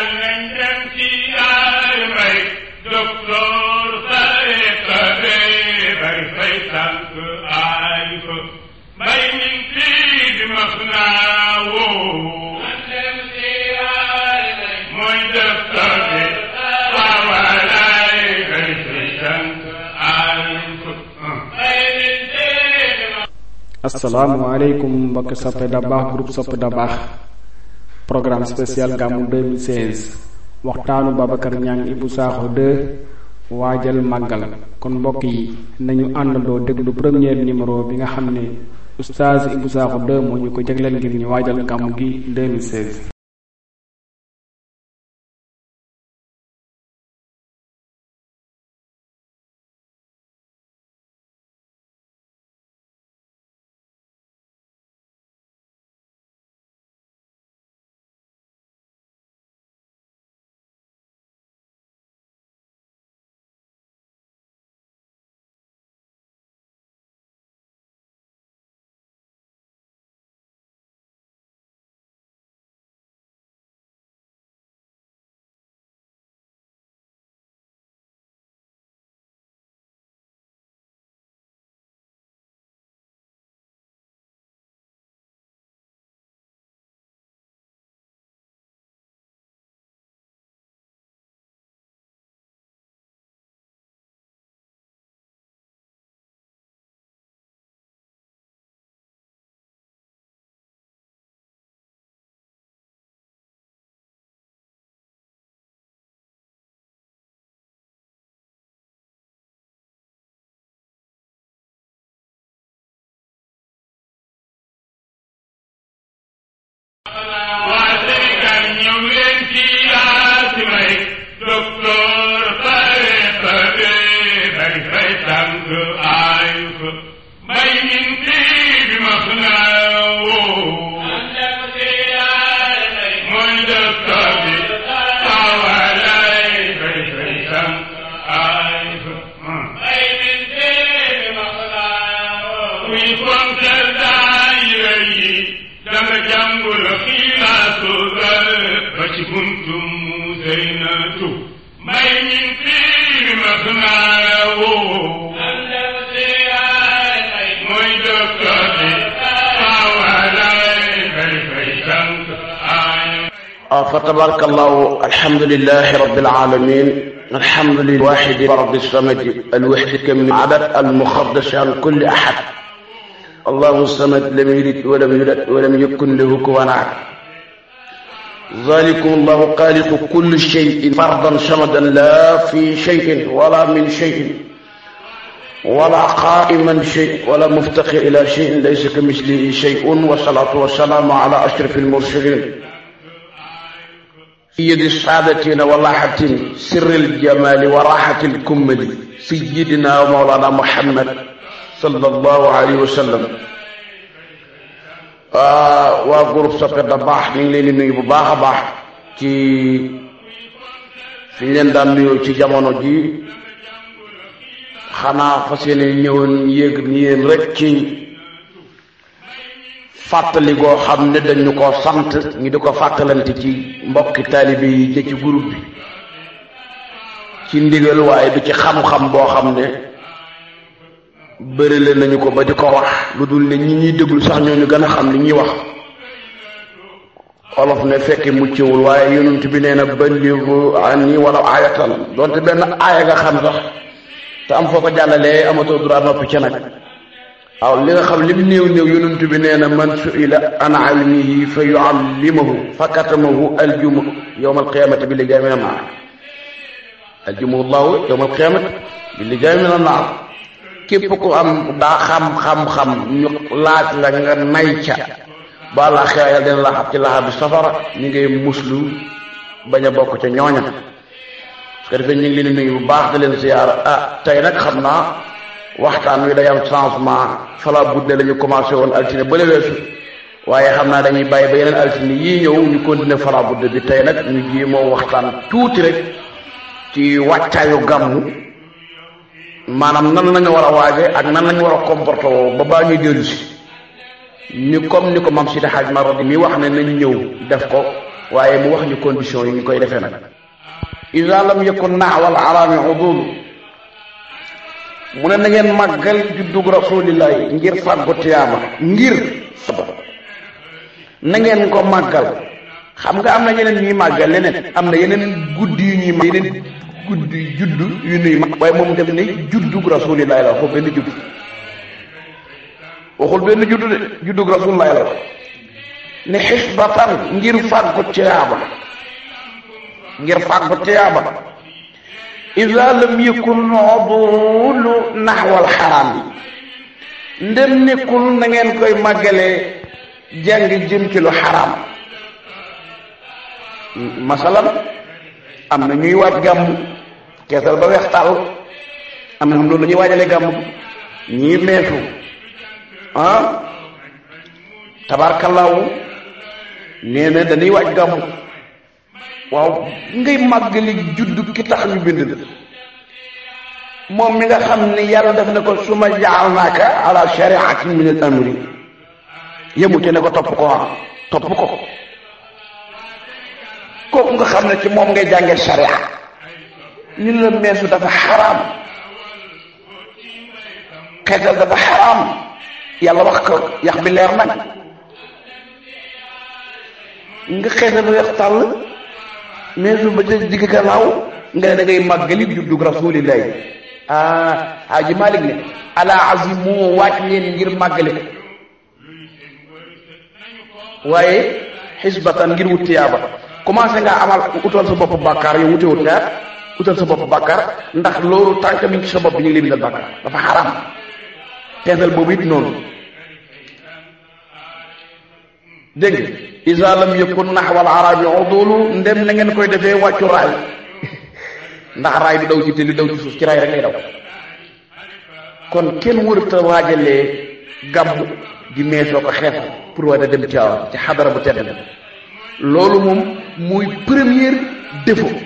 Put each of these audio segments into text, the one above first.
yal nañ dem ci yaay bay docteur Sareta bee bay fay tànk aay ko bay min fii di mas naa woo asalaamaaleykum mbokk soppe da baax groupe soppe da baax programme spécial gàmmu 2016 waxtaanu Babacar Niang Ibou Sakho 2 waajal màggal kon mbokk yi nañu àndandoo déglu premier numéro bi nga xam ne oustaz Ibou Sakho 2 moo ñu ko jagleel ngir ñu waajal gàmmu gi 2016. fa tabarakallahu alhamdulilahi rabbil alamin alhamdulilahi alwahidi rabbi samadi alwahdi kam min adad almuxaddasi an kulli ahad allahu samad lam yalid wa lam yulad wa lam yakun lahu kufuwan ahad zalikum allahu xaaliqu kulli cheyin fardan samadan la fi cheyin wala min cheyin wala qaa'iman shay wala muftaqi ila cheyin laysa ka mislihi cheyun wa salaatu wa salaamu ala ashrafil mursaliin sayyidi saadatina wa laxatin sirril jamaali wa raxatil kummali sayyidina wa mawlana muhammad sallallahu alayhi wa sallam waa groupe soppe da baax ñu ngi leen di nuyu bu baax a baax ci fi ñu leen daan nuyoo ci jamono ji xanaa fas yéene ñëwoon yéeg ni yéen rek ci fàttali goo xam ne dañu ko sant ñu di ko fàttalante ci mbokki taalibe yi da ci groupe bi ci ndigal waaye du ci xam-xam boo xam ne bërile nañu ko ba di ko wax lu dul ne ñi ñuy déglu sax ñu gën a xam li ñuy wax olof ne fekki muccewul waaye yonent bi nee na balligu anni wala ayatan donte benn aaya nga xam sax te am foo ko jàllalee amatoo droit noppi ca nag waaw li nga xam lim néew néew yonent bi nee na man suila an ilmihi fa yuallimahu fakatamahu aljuma yowma alqiyamati bi aljuma allahu yowma alqiyamati bi lijaay min annaar képp am daa xam-xam-xam ñu laaj la nga nay ca ba la a yàlla dina la xab ci laxa bi safara ñu ngay muslu bañ a bokk ca ñooña parce que defee ñu ngi baax di leen ziyaara ah tey nag xam naa waxtaan wi day am changement fala budde la ñu woon altine ba leweesu waaye xam naa dañuy bàyyi ba yeneen altine yii ñëw ñu continuer fala budde bi tey nag ñu jéemoo waxtaan tuuti rek ci wàccaayu gàmmu maanaam nan lañu war a waaje ak nan nañu war a comporté woo ba baa ñuy dellu si ni comme ni ko mam Sidi Hadj Marodi mi wax ne nañ ñëw def ko waaye mu wax ñu condition yi ñu koy defee nag ida lam yakun naxwal alaami udulu mu ne na ngeen màggal juddug rasulillahi ngir fàggu tiyaaba ngir na ngeen ko màggal xam nga am na yeneen ñuy màggal leneen am na yeneen guddi yu ñuy màggal yeneen guddi juddu yu nuy màggal waaye moom dem ne juddug rasulillahi la waxul benn judd waxul benn judd de juddug rasulillahi la ne xisbatan ngir fàggu tiyaaba ngir fàggu tiyaaba ida lam yakun udulu naxwal xaraam yi ndem nekkul na ngeen koy màggalee jàng jëm ci lu xaraam masalan am na ñuy waaj gàmm keesal ba weex tàll am na xam loolu la ñuy waajale gàmm ñii meesu ah tabarkalaawu nee na dañuy waaj gàmm waaw ngay màggali judd ki tax ñu bind la moom mi nga xam ne yàlla def na ko su ma jaalnaaka ala shariatin min al amri yemute ne ko topp ko ah topp ko kooku nga xam ne ci moom ngay jàngee sharia ñu la meesu dafa xaraam xeetal dafa xaraam yàlla wax ko yax bi leer nag nga xeetal weex tàll neesu ba ca digg kalaaw nga ne da ngay màggali juddug rasulillahi ah Haaji Malik ne ala azim moo waat leen ngir màggali ko waaye xisbatan ngir wut tiyaaba commencé nga amal utal sa bopp bàkkaar yow wute wut yaa utal sa bopp bàkkaar ndax loolu tànk mi ci sa bopp bi ñu leen dal bàkkaar dafa xaram teesal boobu it noonu dégg nga isa lam yakun naxwal arabi udulu ndem na ngeen koy defee wàccu raay ndax raay du daw ci te lu daw ci suuf ci raay rek lay daw kon kenn wërta waajalee gàmmu di meesoo ko xeef pour war a dem ci ci xadara bu tedd loolu moom muy première défaut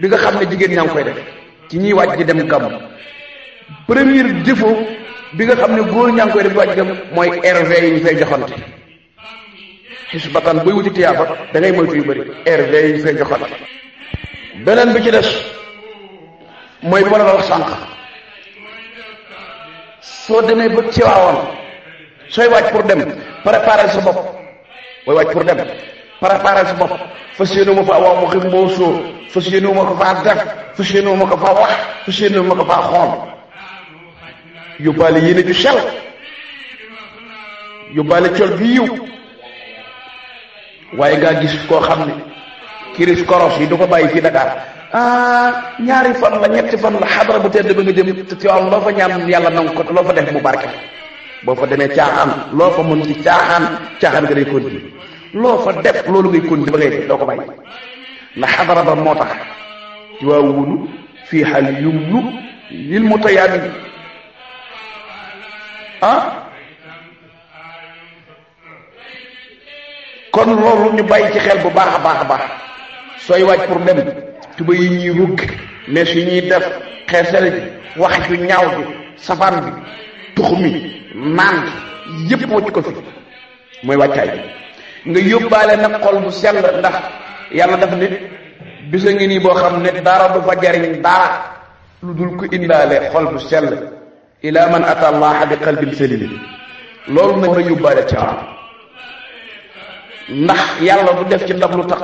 bi nga xam ne jigéen ñaa ngi koy def ci ñiy wàcc di dem gàmmu première défaut bi nga xam ne góor ñaa ngi koy def mooy rv yi ñu fay joxante ci su bakkan buy wuti tiyaaba da ngay moytu yu bëri rv yi koy joxat beneen bi ci des mooy bi ma la wax sànq soo demee ba Tiwaawan sooy waaj pour dem préparer sa bopp booy waaj pour dem préparer sa bopp fas yéene ma faa wax waxi mboosoo fas yéene ma ko faa def fas yéene ma ko faa wax fas yéene ma ko faa xool yóbbaale yéene ju sel yóbbaale col gi yiw waaye ngaa gis koo xam ne kiris koros yi du ko bàyyi fii Dakar ah ñaari fan la ñetti fan la xadara bu tedd ba nga jëm te Tiwaawan loo fa ñaan yàlla nangu ko te loo fa def mu barke boo fa demee caaxaan loo fa mën ci caaxaan caaxaan nga day continuer loo fa def loolu ngay continuer ba ngay def doo ko bàyyi ndax xadara ba moo tax Tiwaawunu fii xal yumnu lil mutayamin ah kon loolu ñu bàyyi ci xel bu baax a baax a baax sooy waaj pour dem tuba yi ñuy rugg mais su ñuy def xeesal bi wax ju ñaaw bi safaan bi tux mi naan bi yépp wacc ko fi mooy wàccaay bi nga yóbbaale nag xol bu sell ndax yàlla daf ne bisa ngi nii boo xam ne dara du fa jariñ dara lu dul ko indaale xol bu sell ila man ata allah bi qalbin salim loolu nag nga yóbbaale ci ndax yàlla du def ci ndab lu tax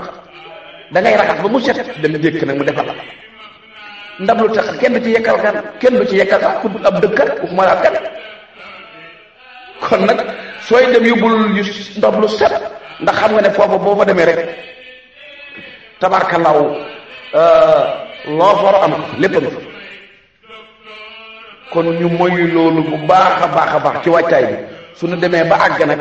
dangay ngay raxas ba mu set dem dékk nag mu defal ndab lu tax kenn du ci yekkal kan kenn du ci yekkal sax ku ab dëkkat waxuma laa kan kon nag sooy dem yóbbul yu ndab lu set ndax xam nga ne foofa boo fa demee rek tabarkalaaw euh, loo foro am lépp kon ñu moyu loolu bu baax a baax ci wàccaay bi suñu demee ba àgg nag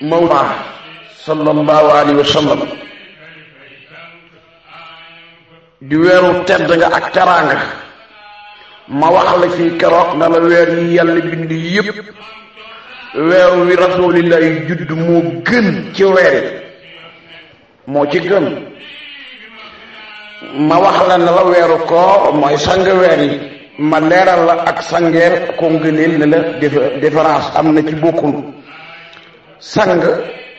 mawlana sallallahu alayhi wa sallam di weeru tedd nga ak teraanga ma wax la fii keroog na la weer yi yàlla bind yépp weer wi rasulillahi judd moo gën ci weer yi moo ci gën ma wax la na la weeru ko mooy sang weer yi ma leeral la ak sangeer ko ngëneel ne la différence am na ci bokkul sang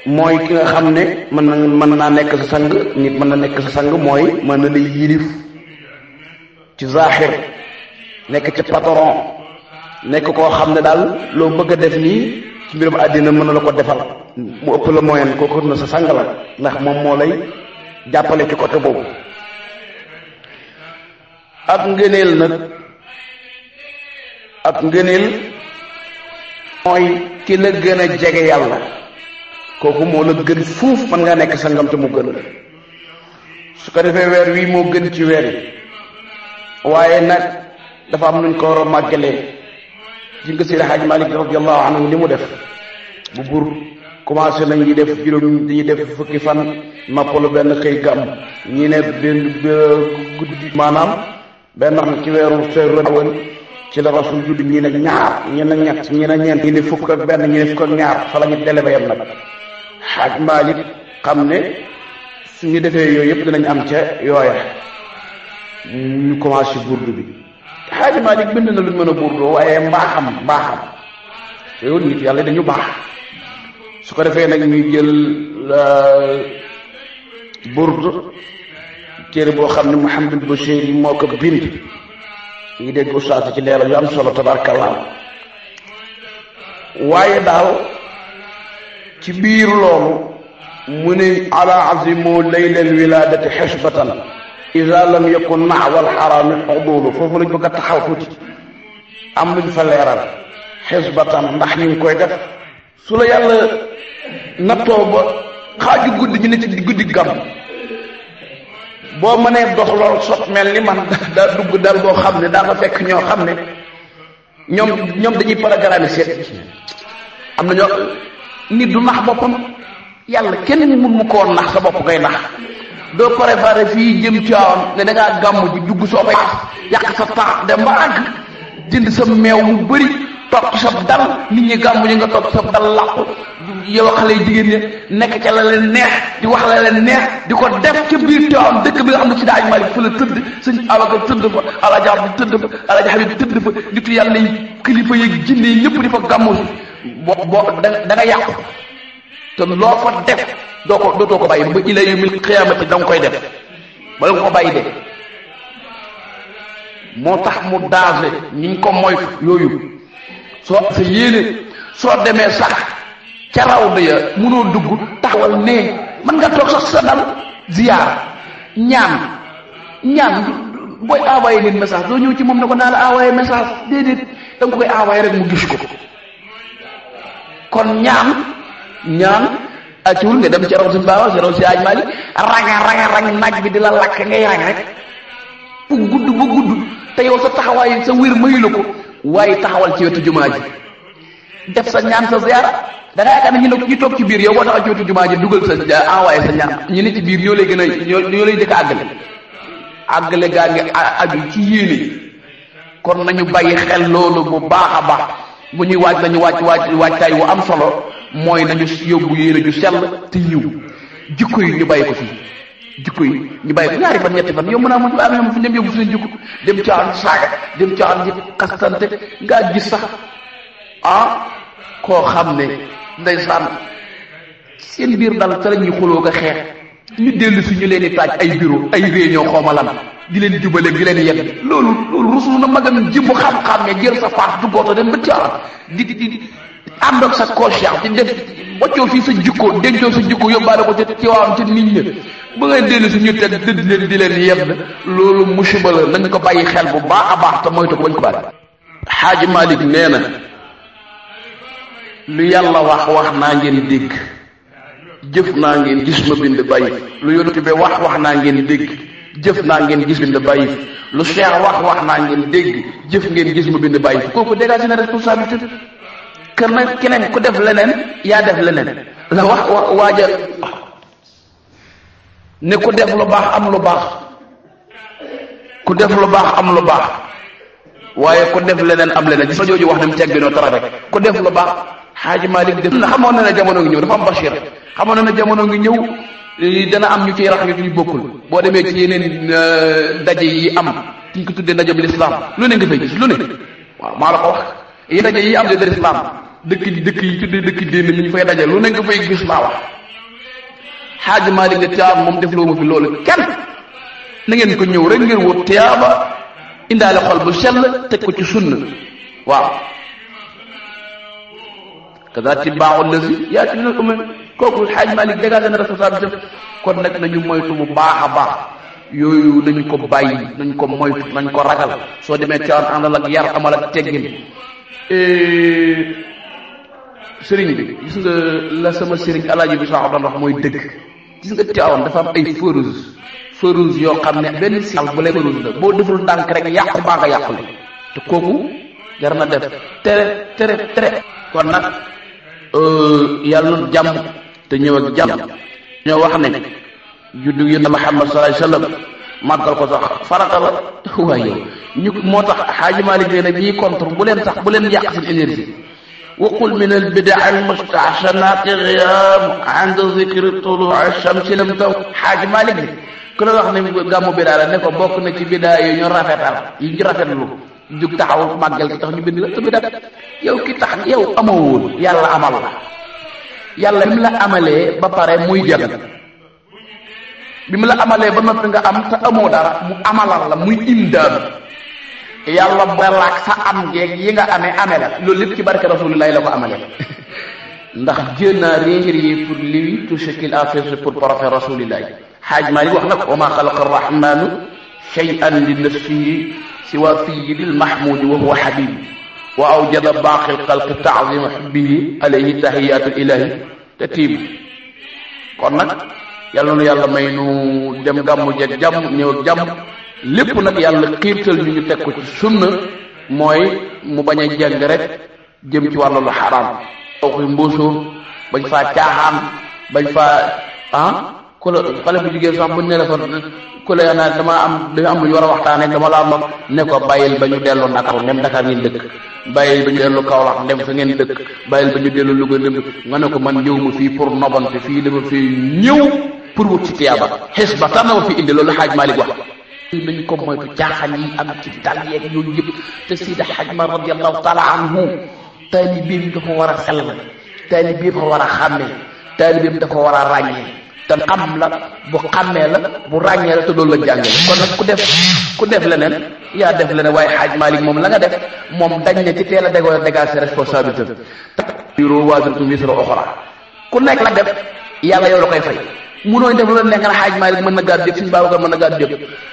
mooy ki nga xam ne mën na mën naa nekk sa sang nit mën na nekk sa sang mooy mën na lay yilif ci zaaxir nekk ci patron nekk koo xam ne daal loo bëgg a def nii ci mbirum àddina mën na la ko defal mu ëpp la moyen kooku na sa sang la ndax moom moo lay jàppale ci côté boobu ab ngëneel nag ab ngëneel mooy ki la gën a jege yàlla kooku moo la gën fuuf man nga nekk sangam te mu gën la su ko defee weer wii moo gën ci weer waaye nag dafa am nuñ ko war a màggalee ci nga Seydi Hajji Malik radiyallahu anhu li mu def bu bur commencé def juróom ñi def fukki fan noppalu benn xëy gàmm ñi ne benn guddi maanaam benn ci weeru feer la woon ci la rasul judd ñi ne ñaar ñi ne ñett ñi ne ñeent ñi ne fukk ak benn ñi ne fukk ak ñaar fa la dele ba yem nag xaaj Maalik xam ne suñu defee yooyu yëpp dinañ am ca yooya ñu commencé burdu bi xaaj Maalik bind na lu mën a burdoo waaye mbaaxam mbaaxam yow nit yàlla dañu baax su ko defee nag ñuy jël euh, burdu téere boo xam ne Muhammad Bachir moo ko bind yi dégg ustaas ci leeral yu am solo tabarkalla waaye daal ci biir lool mu ne ala azimu laylal wiladati xisbatan ida lam yakun naawal xaraami xuduulu foofu lañ bëgg a taxaw tuuti am luñ fa leeral xisbatan ndax ñu ngi koy def su la yàlla nattoo ba xaaju guddi ñu ne ci guddi gam boo mënee dox lool sox mel ni man daa dugg dal boo xam ne daa fa fekk ñoo xam ne ñoom ñoom dañuy programme seet am na ñoo nit du nax boppam yàlla kenn mun mu ko woon nax sa bopp ngay nax doo préparé fii jëm Tiwaawan ne da ngaa gàmm ji dugg soo fa yàq sa taax dem ba àgg jënd sa meew mu bëri topp sa dal nit ñi gàmm ji nga topp sa dal làqu yow xale yu jigéen ñi nekk ca la leen neex di wax la leen neex di ko def ca biir Tiwaawan dëkk bi nga xam ne ci daaj Malick fa la tëdd sëñ Abacar tëdd fa alaaji Abdu tëdd fa alaaji Habib tëdd fa nitu yàlla yi kilifa yeeg jinne yi ñëpp di fa gàmmu si boo boo da da nga yàqu te loo fa def doo ko dootoo ko bàyyi ma ila yawmil qiyaamati da nga koy def bala nga ko bàyyi de moo tax mu daase ñu ko moytu yooyu soo sa yéene soo demee sax ca rawda ya mënoo dugg taxawal nee man nga toog sax sa dal ziyaar ñaan ñaan booy envoyé nit message doo ñëw ci moom ne ko naa la envoyé message déedéet da nga koy envoyé rek mu gis ko kon ñaan ñaan acciwul nga dem ca raw si baawa si raw ranga ranga rang naaj bi di la lakk ngay rang rek bu gudd bu gudd te yow sa taxawaay sa wér mayu la ko waaye taxawal ci wetu jumaa ji def sa ñaan sa ziyaara da ngay yaakaar ne ñu toog ci biir yow boo tax a jiitu jumaa ji dugal sa envoyé sa ñaan ñu ne ci biir ñoo lay gën a ñoo lay njëkk a àggale gaa ngi kon nañu bàyyi xel loolu bu baax a baax bu ñuy waaj nañu waaj waaj waajtaay wu am solo mooy na nañu yóbbu yéene ju sell te yiw jikko yi ñu bàyyi ko fii jikko yi ñu bàyyi ko ñaari fan ñetti fan yow mën naa mën am ñoom fu ñoom yóbbu suñu jikko dem caaxaan saaga dem caaxaan ji xastante ngaa gis sax ah koo xam ne ndeysaan seen biir dal ca la ñuy xuloo ko xeex ñu dellu si ñu leen di taaj ay bureau ay réunion xoomalan di leen jubaleeg di leen yegg loolu loolu rusul na magam ji bu xam-xam ne jël sa paas duggoota dem ba caara di di ànd ak sa conscience di def boccoo fii sa jikko dencoo sa jikko yóbbaale ko ca ci waam ca nit ña ba ngay dellu si ñu di leen yedd loolu musiba la nañ ko bàyyi xel bu baax a baax te moytu ko bañ ko bàyyi. xaaji Malick nee na. lu yàlla wax wax naa ngeen dégg jëf naa ngeen gis ma bind bàyyi lu yonent bi wax wax naa ngeen dégg jëf naa ngeen gis bind bàyyi lu seex wax wax naa ngeen dégg jëf ngeen gis ma bind bàyyi kooku dégagé na responsabilité kër nag keneen ku def leneen yaa def leneen la wax waaja ne ku def lu baax am lu baax ku def lu baax am lu baax waaye ku def leneen am leneen gis ma jooju wax ne mu tegginoo tara rek ku def lu baax xaaji Malick dem na xamoon na ne jamono ngi ñëw dafa am bachir xamoon na ne jamono ngi ñëw eh, dana am ñu ciy rax yu bokkul boo demee ci yeneen eh, daje yi am ci ko tuddee ndaje bi lislaam lu ne nga fay gis lu ne waaw maa la ko wax yi daje yi am de lislaam dëkk yi dëkk yi tuddee dëkk dénn ñu fay daje lu ne nga fay gis laa wax xaaji Malick ne tiyaaba moom def loo ma fi loolu kenn na ngeen ko ñëw rek ngeen wut tiyaaba indaale xol bu sell teg ko ci sunna waaw kaza tibbaa allazi yaati min al umam kooku xaaj Malik dégagé na responsabilité kon nag nañu bu baax a baax yooyu nañ ko bàyyi nañ ko moytu nañ ko ragal soo demee Tiwaawan àndal ak yar amal ak teggin sëriñ bi gis la sama sëriñ alaaji bi saaxo doon wax mooy dëgg gis nga Tiwaawan dafa am ay féruse féruse yoo xam ne benn sial bu lay féruse la boo deful ndànk rek yàqu baa nga yàqule te kooku jar na def tere tere tere kon nag Euh, yàlla na jàmm te ñëw ak jàmm ñoo wax ne juddu yonent Muhammad sallallahu alayhi wasallam màggal ko sax farata la waaye ñu moo tax xaaji Malik nee na ñiy bu leen sax bu leen yàq seen énergie waqul min al bidaa al mustahsanaati qiyaam ànd zikri tuluu shamsi lam taw xaaji Malik bi ku la wax ne gàmmu bidaa la ne ko bokk na ci bidaa yi ñu rafetal yi ñu rafetlu jug taxaw màggal gi tax ñu bind la tudd dab yow ki tax yow amoo yàlla amal la yàlla bi mu la amalee ba pare muy jëm bi mu la amalee ba noppi nga am te amoo dara mu amalal la muy imdaad yàlla balaak sa am geeg yi nga amee amee la loolu lépp ci barke rasulillahi la ko amalee ndax Dieu n'a rien créé pour lui tout ce qu'il a pour profiter rasulillahi xaaj Maalik wax na wa maa xalaqa arrahmanu shay'an li nafsihi siwa sayidi almahmudi wa huwa habibi wa awjada baaqi alxalqi taazima xubbihi alayhi tahiyaatu ilahi te tiim kon nag yàlla nu yàlla may nu dem gàmmu jeeg jàmm ñëw ak jàmm lépp nag yàlla xiirtal ñu ñu teg ko ci sunna mooy mu bañ a jàng rek jëm ci wàllu lu xaraam. waxi mbuusoo bañ faa caaxaan bañ faa ah ku la xale bu jigéen sax buñ ne la fa ku la naa dama am dañu am lu ñu war a waxtaanee dama laa mag ne ko bàyyil ba ñu dellu Ndakaaru dem Dakar ngeen dëkk bàyyil ba ñu dellu Kaolack dem fa ngeen dëkk bàyyil ba ñu dellu Louga dem nga ne ko man ñëw ma fii pour nobante fii dama fii ñëw pour wut ci tiyaaba xis ba tànn ma fi indi loolu xaaj Malick wax nañ ko moytu caaxaan yi am ci dal yeeg yooyu yëpp te Seydi Hajji Maalik radiyallahu taala anhu taalibeem dafa war a sellal taalibeem dafa war a xàmmee taalibeem dafa war te xam la bu xàmmee la bu ràññee la te loolu la jàngale kon nag ku def ku def leneen yaa def leneen waaye xaaj Malick moom la nga def moom dañ ne ci teel a dégoo dégager ses na xaaj Malick mën na gaa dégg suñ Babacar mën na gaa dégg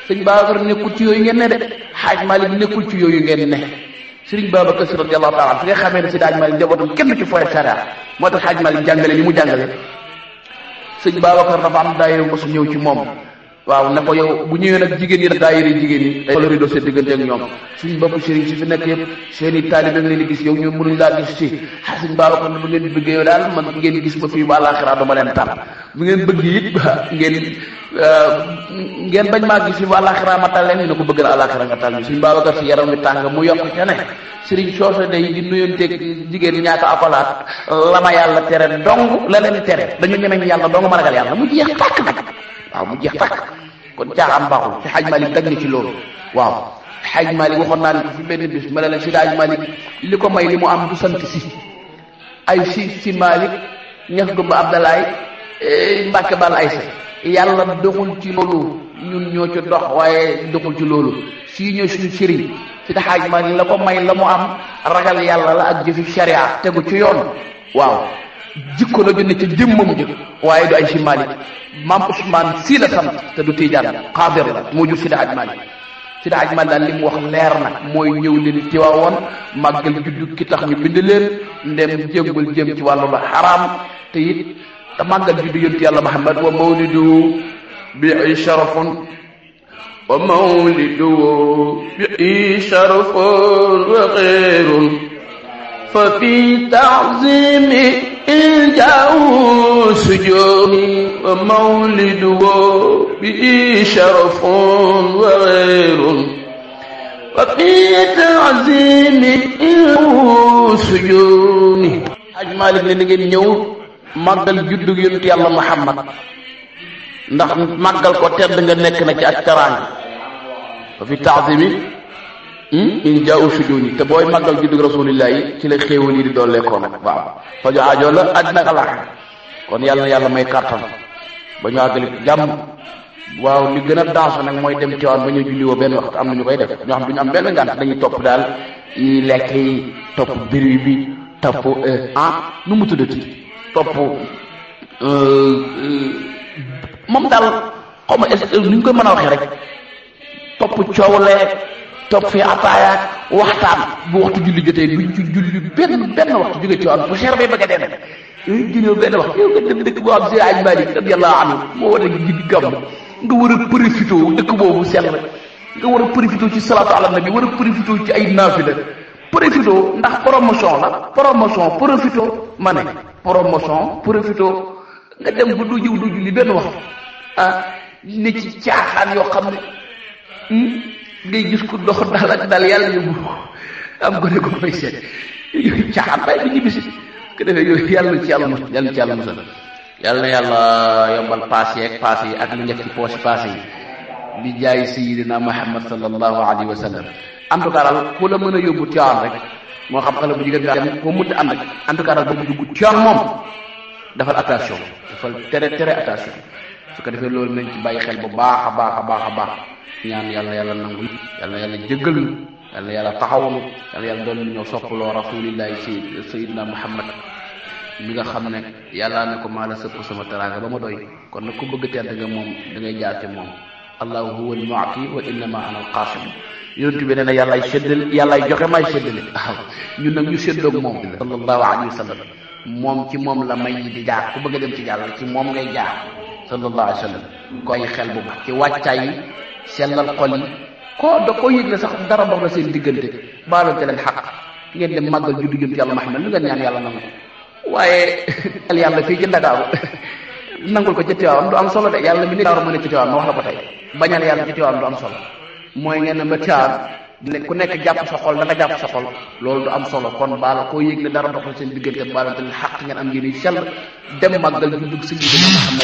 suñ Babacar nekkul ci yooyu ngeen ne de xaaj Malick nekkul ci yooyu ngeen ne fi nga xamee ne si daaj Malick njabootam kenn ci fooy sara moo tax xaaj Malick jàngale li mu jàngale sëñ Babacar dafa am daayira bu su ñëw ci moom waaw ne ko yow bu ñëwee nag jigéen ñi nag daayira jigéen ñi day colori i nga leen gis yow ñu mënuñ laa gis si a suñ baaba ko ne bu ngeen bëggee yow daal man ngeen gis leen tar bu ngeen bëgg it ngeen euh, ngeen bañ maa gis fi ba àllaaxira ma tal leen ñu ne ko bëgg na àllaaxira nga tal ñu suñ baaba kat si yaram mi tàng mu yokk ca ne sëriñ soose day di nuyonteeg jigéen ñaata akolaat la ma yàlla tere dong la leen tere dañu ñemeñ yàlla dong ma ragal yàlla mu jeex tàkk nag waaw mu jeex takk kon caaxaan baaxul fi xaj Malick daj na ci loolu waaw xaj Malick waxoon naa ne benn bis ma ne la si daaj Malick li ko may li mu am du sant si ay si si Malick ñax gumba Abdalaay eh, Mbàkke bal ay sa yàlla doxul ci loolu ñun ñoo ci dox waaye doxul ci loolu si ñoo suñu sëriñ si taxaaj Malick la ko may la mu am ragal yàlla la ak jëfi sharia tegu ci yoon waaw jikko la ju ci ca jëmmam ja waaye du ay si Malick maam Ousmane sii la sant te du Tiijaan xaadir la moo jur Sida Aj Malick Sida Aj Malick daal li mu wax leer na mooy ñëw leen tiwaawoon màggal juddu ki tax ñu bind leen ndem jéggul jëm ci wàllu la xaraam te it te màggal juddu yonent yàlla Muhammad wa mawlidu bi sharafun wa mawlidu bi sharafun wa xeerun ففي تعظيم إلجاء سجود ومولد به شرف وغير وفي تعظيم إلجاء سجود Haj Malik ne na ngeen ñëw màggal juddug yonent yàlla Muhammad ndax màggal ko tedd nga nekk na ci ak teraanga fa fi taazimi Hmm? in jaa u sujuni te booy màggal juddug rasulillah yi ci la xéewal yi di doole koon waaw fajo aajo la àddina ak alax kon yàlla na yàlla may kàttan ba ñu àggali jàmm waaw li gën a daasa nag mooy dem Tiwaawan ba ñu julli woo benn waxtu am na ñu koy def ñoo xam ñu am benn ngànt dañuy topp daal ñuy lekk i topp bruit bi topp euh, ah nu mu tuddati topp euh, euh, moom daal xaw ma nu ñu koy mën a waxee rek topp coow leeg toog fi ataayaak waxtaan bu waxtu julli jotee duñ ci julli benn benn waxtu jóge ci woon bu cher bay bëgg a dem yooyu ginnaaw benn waxtu yow nga dem dëkk boo xam si aj Malik radiyallahu anhu moo war a jig gam nga war a profité dëkk boobu sell nga war a profité ci salaatu ala nabi war a profité ci ndax promotion la promotion profité ma ne promotion profité nga dem bu du jiw du julli benn waxtu ah ne ci caaxaan yoo xam hmm? ngay gis ku dox dal ak dal yàlla yóbbu am gone ko fay seet yooyu caaxaan bi ñu bisi ko defee yooyu yàlla na ci yàlla mos yàlla na ci yàlla na yàlla yombal paas yeeg yi ak lu njëkk ci poche paas yi bi jaay sayidina Muhammad sallallahu alayhi wa sallam en tout cas daal ku la mën a yóbbu Tiwaawan rek moo xam xale bu jigéen nga dem ko mënti ànd ak en tout cas daal bu dugg Tiwaawan moom defal attention defal tere tere attention su ko defee loolu nañ ci bàyyi xel bu baax a baax a baax a baax ñaan yàlla yàlla nangu yàlla yàlla jëggal nu yàlla yàlla taxawanu yàlla yàlla doon ñoo soppaloo rasulillahi si sayidna muhammad mi nga xam ne yàllaa ne ko maa la sëpp sama teraanga ba ma doy kon nag ku bëgg tedd nga moom da jaar ci moom allahu huwa almu'ti wa innama ana alqasim yonent bi nee na yàllaay yàllaay joxe maay séddale waaw ñun nag ñu séddoog moom sallallahu alayhi wa sallam moom ci moom la may ñi di jaar ku bëgg a dem ci yàlla ci moom ngay jaar sallallahu alayhi wa sallam koy xel bu baax ci wàccaay yi sellal xol yi koo da ko yëg na sax dara dox na seen diggante baalante leen xaq ngeen dem màggal juddu jëm ci yàlla Muhammad lu ngeen ñaan yàlla nangu waaye al yàlla fii ci Ndakaaru nangul ko ci Tiwaawan du am solo de yàlla mi ne Ndakaaru mu ne ci Tiwaawan ma wax la ko tey bañal yàlla ci Tiwaawan du am solo mooy ngeen ne ba Tiwaawan ku nekk jàpp sa xol la nga jàpp sa xol loolu du am solo kon baala koo yëg ne dara doxul seen diggante baalante ne xaq ngeen am yéen yi sell dem màggal bi dugg si lii xam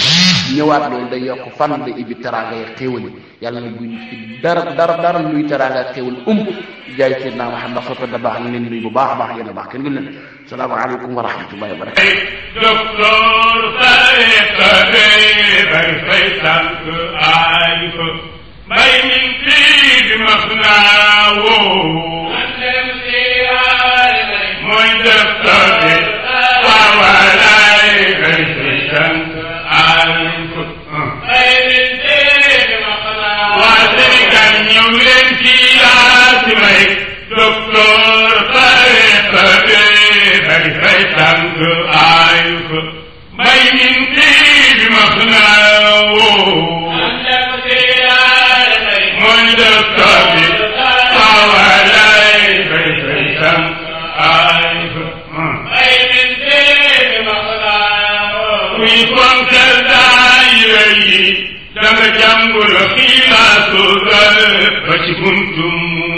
ñëwaat loolu day yokk fan day ibi teraanga ya xéewal yi yàlla na buñ fi dara dara dara luy teraanga ak xéewal umb jaay seen naa Muhammad soto da baax na leen nuyu bu baax a baax yéen a baax kenn gën leen salaamaaleykum wa rahmatullahi wa barakatu docteur bay min fii bi masnaa woo